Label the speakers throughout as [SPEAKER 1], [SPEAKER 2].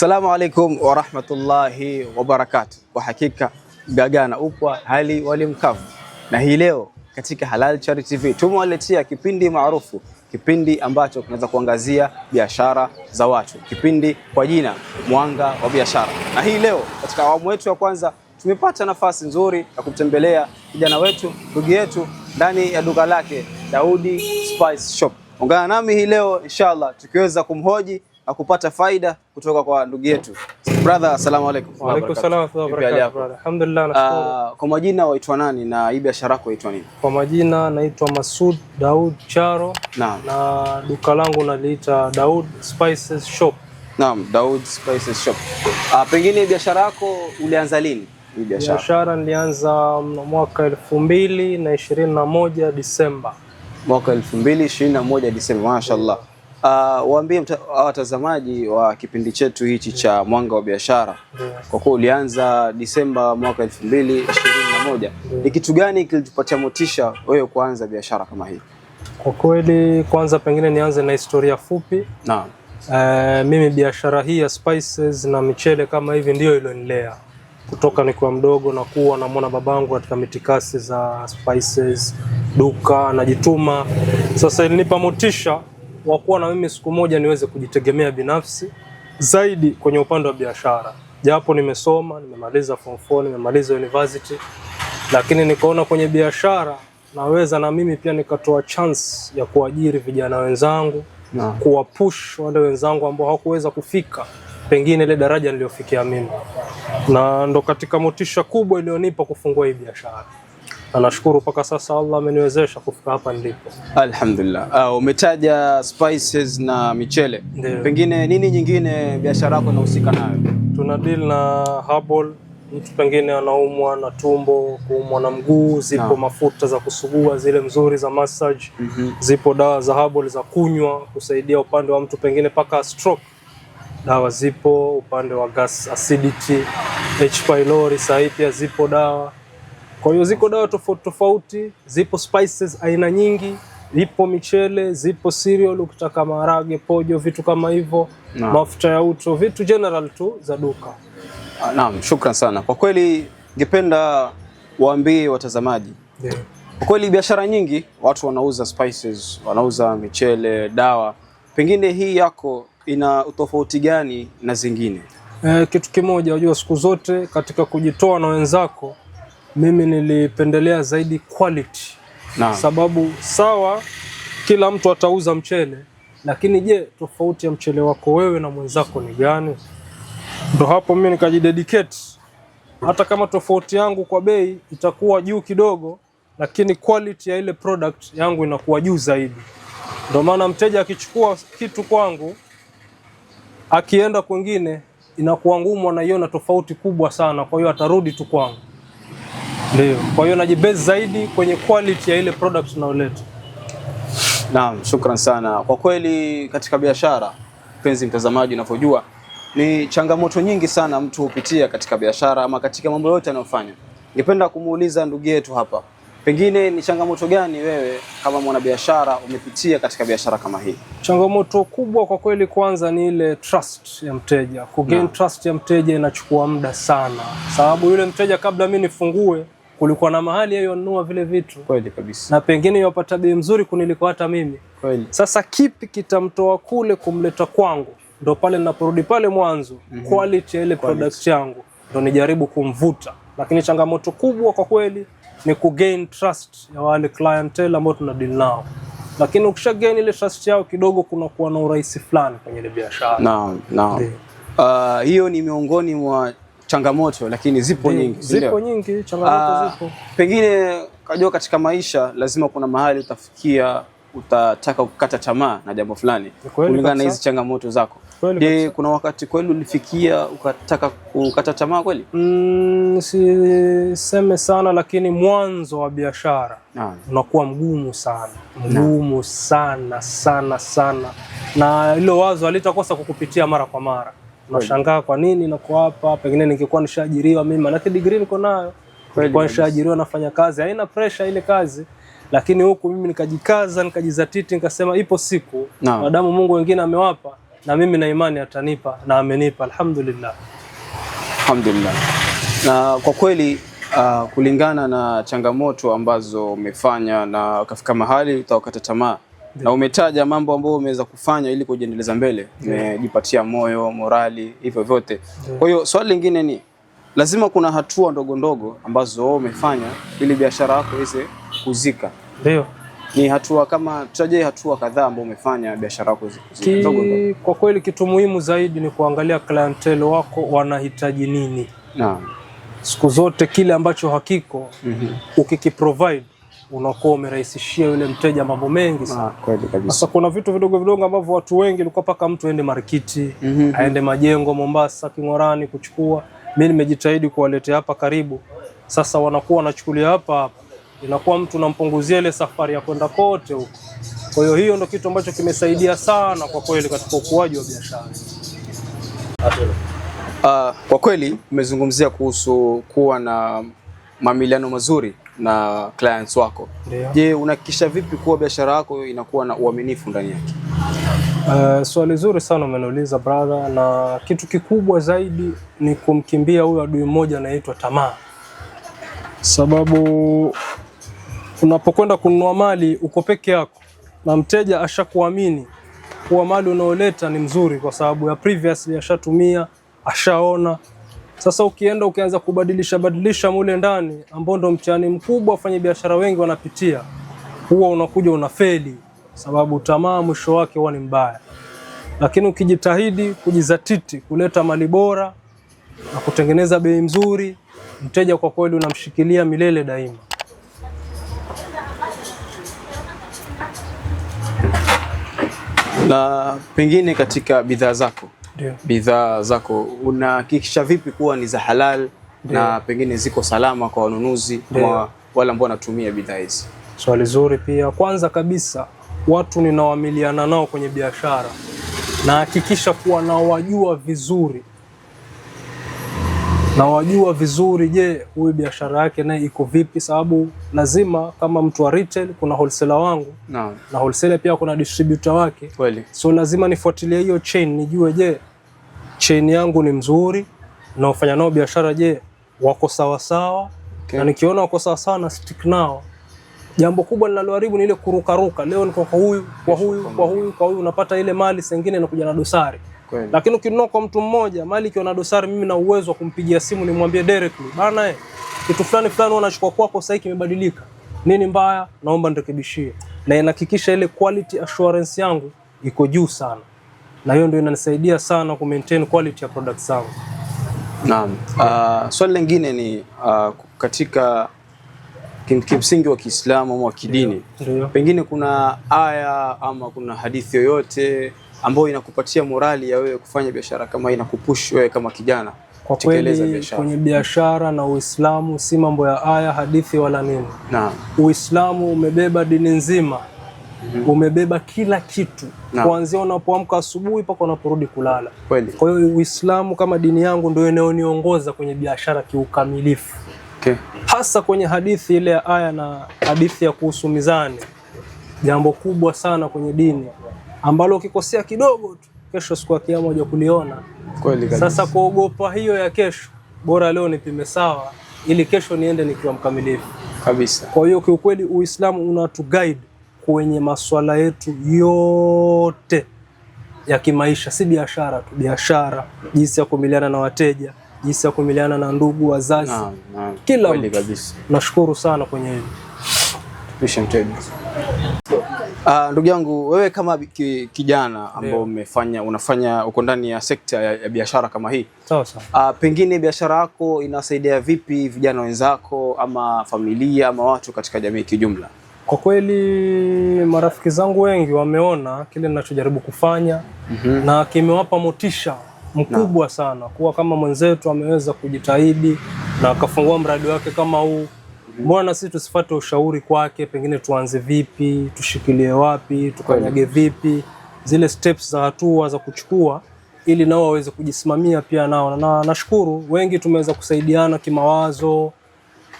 [SPEAKER 1] Assalamu alaikum warahmatullahi wabarakatu. Kwa hakika gagana upwa hali walimkavu, na hii leo katika Halal Charity TV tumewaletea kipindi maarufu, kipindi ambacho kinaweza kuangazia biashara za watu, kipindi kwa jina Mwanga wa Biashara. Na hii leo katika awamu yetu ya kwanza tumepata nafasi nzuri ya kumtembelea kijana wetu, ndugu yetu, ndani ya duka lake Daudi Spice Shop. Ungana nami hii leo inshallah, tukiweza kumhoji akupata faida kutoka kwa ndugu yetu brother. Asalamu alaykum.
[SPEAKER 2] Wa alaykum salaam wa rahmatullahi wa barakatuh. Alhamdulillah, ah,
[SPEAKER 1] nashukuru. Kwa majina waitwa nani na hii biashara yako inaitwa nini?
[SPEAKER 2] Kwa majina naitwa Masud Daud Charo na, na duka langu naliita Daud Spices Shop.
[SPEAKER 1] Naam, Daud Spices Shop. Ah, pengine biashara yako ulianza lini? Hii Biashara
[SPEAKER 2] Biashara nilianza mm, mwaka 2021 mbili Disemba,
[SPEAKER 1] mwaka 2021 mbili ishirini na Disemba. Mashaallah. Uh, waambie watazamaji wa kipindi chetu hichi cha Mwanga wa Biashara, kwa kuwa ulianza Disemba mwaka elfu mbili ishirini na moja, ni kitu gani kilitupatia motisha wewe kuanza biashara kama hii?
[SPEAKER 2] Kwa kweli, kwanza pengine nianze na historia fupi. Naam. Uh, mimi biashara hii ya spices na michele kama hivi ndiyo ilionilea kutoka nikiwa mdogo, na kuwa namwona babangu katika mitikasi za spices, duka anajituma. Sasa ilinipa motisha wa kuwa na mimi siku moja niweze kujitegemea binafsi zaidi kwenye upande wa biashara. Japo nimesoma, nimemaliza form 4, nimemaliza university, lakini nikaona kwenye biashara naweza na mimi pia nikatoa chance ya kuajiri vijana wenzangu na kuwapush wale wenzangu ambao hawakuweza kufika pengine ile daraja niliyofikia mimi, na ndo katika motisha kubwa iliyonipa kufungua hii biashara. Na nashukuru mpaka sasa Allah ameniwezesha kufika hapa nilipo.
[SPEAKER 1] Alhamdulillah. Uh, umetaja spices na michele. Ndiyo. Pengine nini nyingine biashara yako inahusika nayo?
[SPEAKER 2] Tuna deal na herbal, mtu pengine anaumwa na tumbo, kuumwa na mguu, zipo no. mafuta za kusugua zile mzuri za massage. Mm -hmm. Zipo dawa za herbal za kunywa kusaidia upande wa mtu pengine paka stroke. Dawa zipo upande wa gas acidity, H pylori, sahi pia zipo dawa kwa hiyo ziko dawa tofauti tofauti, zipo spices aina nyingi, ipo michele, zipo cereal, ukitaka maharage, pojo, vitu kama hivyo, mafuta ya uto, vitu general tu za duka.
[SPEAKER 1] Naam, shukran sana kwa kweli, ningependa waambie watazamaji yeah. Kwa kweli biashara nyingi watu wanauza spices, wanauza michele, dawa. Pengine hii yako ina utofauti gani na zingine?
[SPEAKER 2] Eh, kitu kimoja, unajua siku zote katika kujitoa na wenzako mimi nilipendelea zaidi quality na, sababu sawa, kila mtu atauza mchele, lakini je, tofauti ya mchele wako wewe na mwenzako ni gani? Ndo hapo mimi nikajidedicate, hata kama tofauti yangu kwa bei itakuwa juu kidogo, lakini quality ya ile product yangu inakuwa juu zaidi. Ndo maana mteja akichukua kitu kwangu akienda kwingine inakuwa ngumu, anaiona tofauti kubwa sana, kwa hiyo atarudi tu kwangu. Ndio, kwa hiyo najibase zaidi kwenye quality ya ile products unaoleta.
[SPEAKER 1] Naam, shukran sana kwa kweli. Katika biashara, mpenzi mtazamaji, unavyojua ni changamoto nyingi sana mtu hupitia katika biashara ama katika mambo yote anayofanya. Ningependa kumuuliza ndugu yetu hapa, pengine ni changamoto gani wewe kama mwanabiashara umepitia katika biashara kama hii?
[SPEAKER 2] Changamoto kubwa kwa kweli, kwanza ni ile trust ya mteja. Kugain trust ya mteja inachukua muda sana, sababu yule mteja kabla mimi nifungue kulikuwa na mahali yeye yanunua vile vitu.
[SPEAKER 1] Kweli kabisa.
[SPEAKER 2] Na pengine yapata bei mzuri kuniliko hata mimi. Kweli. Sasa kipi kitamtoa kule kumleta kwangu? Ndo pale ninaporudi pale mwanzo, mm -hmm. quality ya ile product yangu ndo nijaribu kumvuta, lakini changamoto kubwa kwa kweli ni gain trust ya wale clientele ambao deal nao lakini ukisha gain ile trust yao kidogo, kunakuwa na urahisi fulani kwenye ile biashara.
[SPEAKER 1] Naam, naam. Uh, hiyo ni miongoni mwa changamoto lakini zipo Di, nyingi
[SPEAKER 2] zipo nyingi changamoto Aa, ah, zipo.
[SPEAKER 1] Pengine kajua katika maisha lazima kuna mahali utafikia utataka kukata tamaa na jambo fulani kulingana na hizi changamoto zako. Je, kuna wakati kweli ulifikia ukataka kukata tamaa kweli?
[SPEAKER 2] Mm, siseme sana lakini mwanzo wa biashara unakuwa mgumu sana mgumu na sana sana sana, na hilo wazo halitakosa kukupitia mara kwa mara unashangaa kwa nini niko hapa, pengine ningekuwa nishaajiriwa mimi, maanake degree niko nayo, nilikuwa nishaajiriwa nafanya kazi, haina pressure ile kazi lakini huku mimi nikajikaza nikajizatiti, nikasema ipo siku no. Madamu Mungu wengine amewapa na mimi na imani atanipa na amenipa, alhamdulillah,
[SPEAKER 1] alhamdulillah. Na kwa kweli uh, kulingana na changamoto ambazo umefanya na ukafika mahali utawakata tamaa na umetaja mambo ambayo umeweza kufanya ili kujiendeleza mbele, umejipatia moyo, morali, hivyo vyote. Kwa hiyo swali lingine ni lazima kuna hatua ndogo ndogo ambazo umefanya ili biashara yako iweze kuzika. Ndio. Ni hatua kama tutaje hatua kadhaa ambazo umefanya biashara yako
[SPEAKER 2] kuzika ndogo ndogo. Kwa kweli kitu muhimu zaidi ni kuangalia clientele wako wanahitaji nini. Naam. Siku zote kile ambacho hakiko mm -hmm. ukikiprovide unakuwa umerahisishia yule mteja mambo mengi
[SPEAKER 1] sana. Ah,
[SPEAKER 2] sasa kuna vitu vidogo vidogo ambavyo watu wengi ulikuwa paka mtu aende marikiti mm -hmm. aende majengo Mombasa, King'orani kuchukua. Mimi nimejitahidi kuwaletea hapa karibu, sasa wanakuwa wanachukulia hapa hapa, inakuwa mtu nampunguzia ile safari ya kwenda kote huko. Kwa hiyo hiyo ndio kitu ambacho kimesaidia sana kwa kweli katika ukuaji wa biashara.
[SPEAKER 1] Uh, kwa kweli umezungumzia kuhusu kuwa na mamiliano mazuri na clients wako. Je, unahakikisha vipi kuwa biashara yako inakuwa na uaminifu ndani yake?
[SPEAKER 2] Uh, swali zuri sana umeniuliza brother, na kitu kikubwa zaidi ni kumkimbia huyo adui mmoja anaitwa tamaa, sababu unapokwenda kununua mali uko peke yako na mteja ashakuamini kuwa mali unaoleta ni mzuri, kwa sababu ya previously ashatumia, ashaona sasa ukienda ukianza kubadilisha badilisha mule ndani, ambao ndo mtihani mkubwa wafanyabiashara wengi wanapitia, huwa unakuja unafeli, sababu tamaa mwisho wake huwa ni mbaya. Lakini ukijitahidi kujizatiti, kuleta mali bora na kutengeneza bei nzuri, mteja kwa kweli unamshikilia milele daima.
[SPEAKER 1] Na pengine katika bidhaa zako bidhaa zako, unahakikisha vipi kuwa ni za halal Dio. na pengine ziko salama kwa wanunuzi ama wale ambao wanatumia bidhaa hizi?
[SPEAKER 2] Swali zuri pia. Kwanza kabisa watu ninaoamiliana nao kwenye biashara nahakikisha kuwa nawajua vizuri, nawajua vizuri. Je, huyu biashara yake naye iko vipi? Sababu lazima kama mtu wa retail kuna wholesaler wangu na, na wholesaler pia kuna distributor wake, so lazima nifuatilie hiyo chain nijue, je chain yangu ni mzuri na ufanya nao biashara, je, wako sawa sawa? Okay. Na nikiona wako sawa sawa na stick nao. Jambo kubwa linaloharibu ni ile kuruka ruka. Leo ni kwa huyu kwa huyu kwa huyu kwa huyu, unapata ile mali sengine inakuja na dosari. Kweli. Lakini ukinunua kwa mtu mmoja, mali ikiwa na dosari, mimi na uwezo wa kumpigia simu nimwambie directly, bana eh, kitu fulani fulani wanachukua kwako sasa hiki kimebadilika. Nini mbaya? Naomba nirekebishie. Na inahakikisha ile quality assurance yangu iko juu sana na hiyo ndio inanisaidia sana ku maintain quality ya products zangu.
[SPEAKER 1] Naam. Uh, swali lingine ni uh, katika kimsingi wa Kiislamu ama wa kidini, pengine kuna aya ama kuna hadithi yoyote ambayo inakupatia morali ya wewe kufanya biashara kama inakupush wewe kama kijana?
[SPEAKER 2] Kwa kweli kwenye biashara na Uislamu si mambo ya aya, hadithi wala nini. Naam. Uislamu umebeba dini nzima mm -hmm. umebeba kila kitu kuanzia unapoamka asubuhi mpaka unaporudi kulala. Kwa hiyo Uislamu kama dini yangu ndio inayoniongoza kwenye biashara kiukamilifu, okay. hasa kwenye hadithi ile ya aya na hadithi ya kuhusu mizani, jambo kubwa sana kwenye dini ambalo ukikosea kidogo tu kesho siku ya Kiyama uja kuliona. Kweli. Sasa kuogopa hiyo ya kesho, bora leo nipime sawa, ili kesho niende nikiwa mkamilifu kabisa. Kwa hiyo kiukweli Uislamu unatu guide kwenye masuala yetu yote ya kimaisha, si biashara tu, biashara, jinsi ya kumiliana na wateja, jinsi ya kumiliana na ndugu, wazazi na, na, kila mtu. Nashukuru sana kwenye hili.
[SPEAKER 1] Uh, ndugu yangu wewe kama kijana ambao umefanya unafanya uko ndani ya sekta ya, ya biashara kama hii.
[SPEAKER 2] Sawa sawa.
[SPEAKER 1] Uh, pengine biashara yako inasaidia vipi vijana wenzako ama familia ama watu katika jamii kiujumla?
[SPEAKER 2] Kwa kweli marafiki zangu wengi wameona kile ninachojaribu kufanya mm -hmm. na kimewapa motisha mkubwa na sana kuwa kama mwenzetu ameweza kujitahidi na akafungua mradi wake kama huu mhm. mbona na sisi tusifate ushauri kwake, pengine tuanze vipi, tushikilie wapi, tukanyage vipi, zile steps za hatua za kuchukua ili nao waweze kujisimamia pia nao. Na nashukuru wengi tumeweza kusaidiana kimawazo,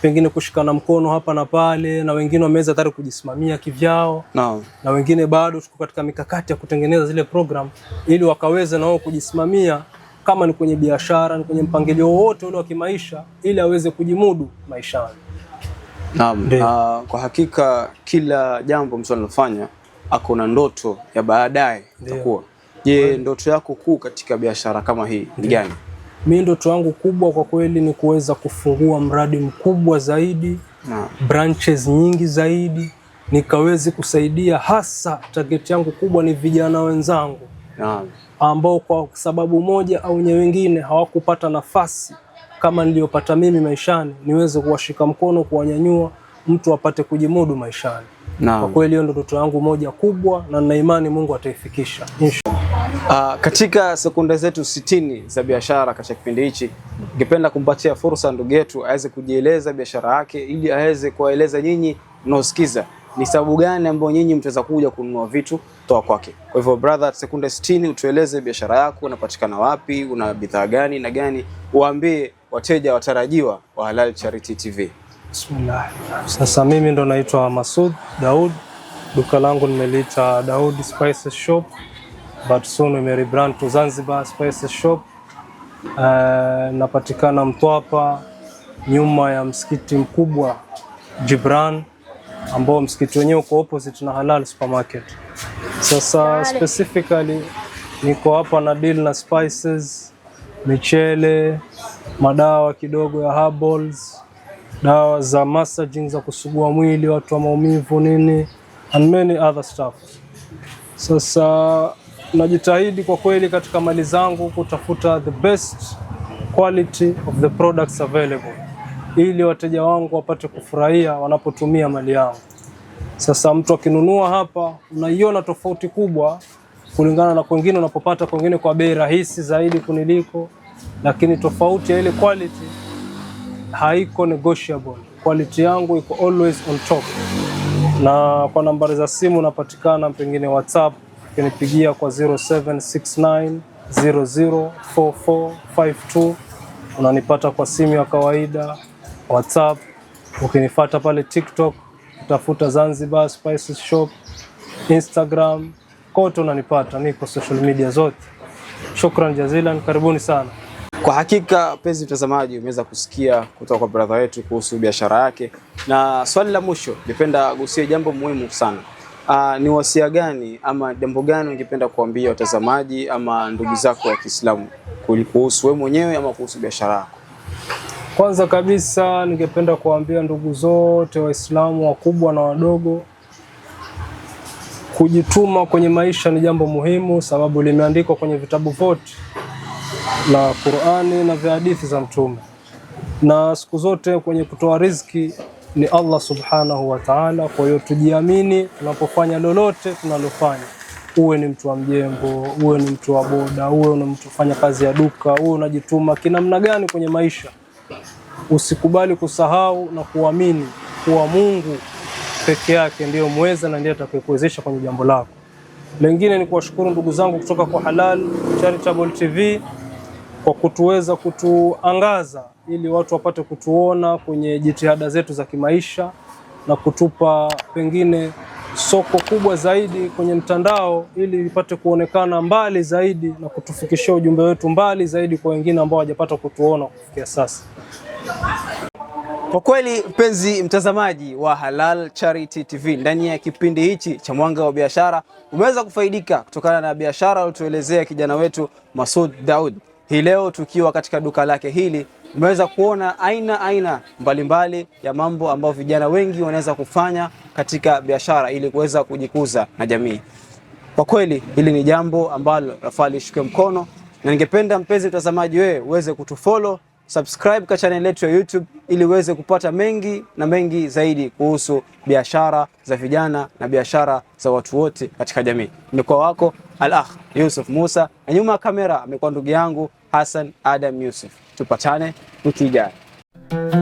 [SPEAKER 2] pengine kushikana mkono hapa na pale, na wengine wameweza tayari kujisimamia kivyao no. na wengine bado tuko katika mikakati ya kutengeneza zile program ili wakaweze wao kujisimamia, kama ni kwenye biashara, ni kwenye mpangilio wote ule wa kimaisha, ili aweze kujimudu maishani.
[SPEAKER 1] Naam, uh, kwa hakika kila jambo mtu analofanya ako na ndoto ya baadaye itakuwa. Je, ndoto yako kuu katika biashara kama hii ni gani?
[SPEAKER 2] mi ndoto yangu kubwa kwa kweli ni kuweza kufungua mradi mkubwa zaidi na branches nyingi zaidi, nikawezi kusaidia hasa, target yangu kubwa ni vijana wenzangu ambao kwa sababu moja au nyingine hawakupata nafasi kama niliyopata mimi maishani, niweze kuwashika mkono, kuwanyanyua, mtu apate kujimudu maishani. Kwa kweli hiyo ndo ndoto yangu moja kubwa, na nina Mungu ataifikisha
[SPEAKER 1] inshallah. Uh, katika sekunde zetu sitini za biashara katika kipindi hichi, ningependa kumpatia fursa ndugu yetu aweze kujieleza biashara yake ili aweze kuwaeleza nyinyi mnaosikiza ni sababu gani ambayo nyinyi mtaweza kuja kununua vitu kutoka kwake. Kwa hivyo brother, sekunde sitini utueleze biashara yako, unapatikana wapi, una bidhaa gani na gani, waambie wateja watarajiwa wa Halal Charity TV.
[SPEAKER 2] Bismillah. Sasa mimi ndo naitwa Masud Daud, duka langu nimeliita Daud Spices Shop but soon may rebrand to Zanzibar Spices Shop. Uh, napatikana Mtwapa nyuma ya msikiti mkubwa Jibran, ambao msikiti wenyewe uko opposite na Halal Supermarket. Sasa specifically niko hapa na deal na spices, michele, madawa kidogo ya herbals, dawa za massaging za kusugua mwili watu wa maumivu nini and many other stuff. Sasa najitahidi kwa kweli katika mali zangu kutafuta the best quality of the products available ili wateja wangu wapate kufurahia wanapotumia mali yangu. Sasa mtu akinunua hapa, unaiona tofauti kubwa kulingana na kwengine unapopata kwengine kwa bei rahisi zaidi kuniliko, lakini tofauti ya ile quality haiko negotiable. Quality yangu iko always on top, na kwa nambari za simu napatikana pengine WhatsApp kinipigia kwa 0769004452 unanipata kwa simu ya kawaida WhatsApp. Ukinifuata pale TikTok utafuta Zanzibar Spices Shop, Instagram kote unanipata, niko social media zote. Shukran jazilan, karibuni sana.
[SPEAKER 1] Kwa hakika mpenzi mtazamaji, umeweza kusikia kutoka kwa brother wetu kuhusu biashara yake, na swali la mwisho nipenda gusie jambo muhimu sana Uh, ni wasia gani ama jambo gani ungependa kuambia watazamaji ama ndugu zako wa Kiislamu kuhusu wewe mwenyewe ama kuhusu biashara yako?
[SPEAKER 2] Kwanza kabisa ningependa kuambia ndugu zote Waislamu wakubwa na wadogo, kujituma kwenye maisha ni jambo muhimu, sababu limeandikwa kwenye vitabu vyote na Qur'ani na vya hadithi za Mtume, na siku zote kwenye kutoa riziki ni Allah subhanahu wa ta'ala. Kwa hiyo tujiamini tunapofanya lolote tunalofanya, uwe ni mtu wa mjengo, uwe ni mtu wa boda, uwe ni mtu fanya kazi ya duka, uwe unajituma kinamna gani kwenye maisha, usikubali kusahau na kuamini kuwa Mungu peke yake ndiyo mweza na ndiye atakayekuwezesha kwenye jambo lako. Lengine ni kuwashukuru ndugu zangu kutoka kwa Halal Charitable TV kwa kutuweza kutuangaza ili watu wapate kutuona kwenye jitihada zetu za kimaisha na kutupa pengine soko kubwa zaidi kwenye mtandao ili ipate kuonekana mbali zaidi na kutufikishia ujumbe wetu mbali zaidi kwa wengine ambao hawajapata kutuona kufikia sasa.
[SPEAKER 1] Kwa kweli, mpenzi mtazamaji wa Halal Charity TV, ndani ya kipindi hichi cha Mwanga wa Biashara umeweza kufaidika kutokana na biashara aliotuelezea kijana wetu Masud Daud. Hii leo tukiwa katika duka lake hili tumeweza kuona aina aina mbalimbali mbali ya mambo ambayo vijana wengi wanaweza kufanya katika biashara ili kuweza kujikuza na jamii. Kwa kweli hili ni jambo ambalo rafali lishikwe mkono, na ningependa mpenzi mtazamaji, wewe uweze kutufollow subscribe kwa channel yetu ya YouTube ili uweze kupata mengi na mengi zaidi kuhusu biashara za vijana na biashara za watu wote katika jamii. Mlikuwa wako Al-Akh Yusuf Musa na nyuma ya kamera amekuwa ndugu yangu Hassan Adam Yusuf. Tupatane wiki ijayo.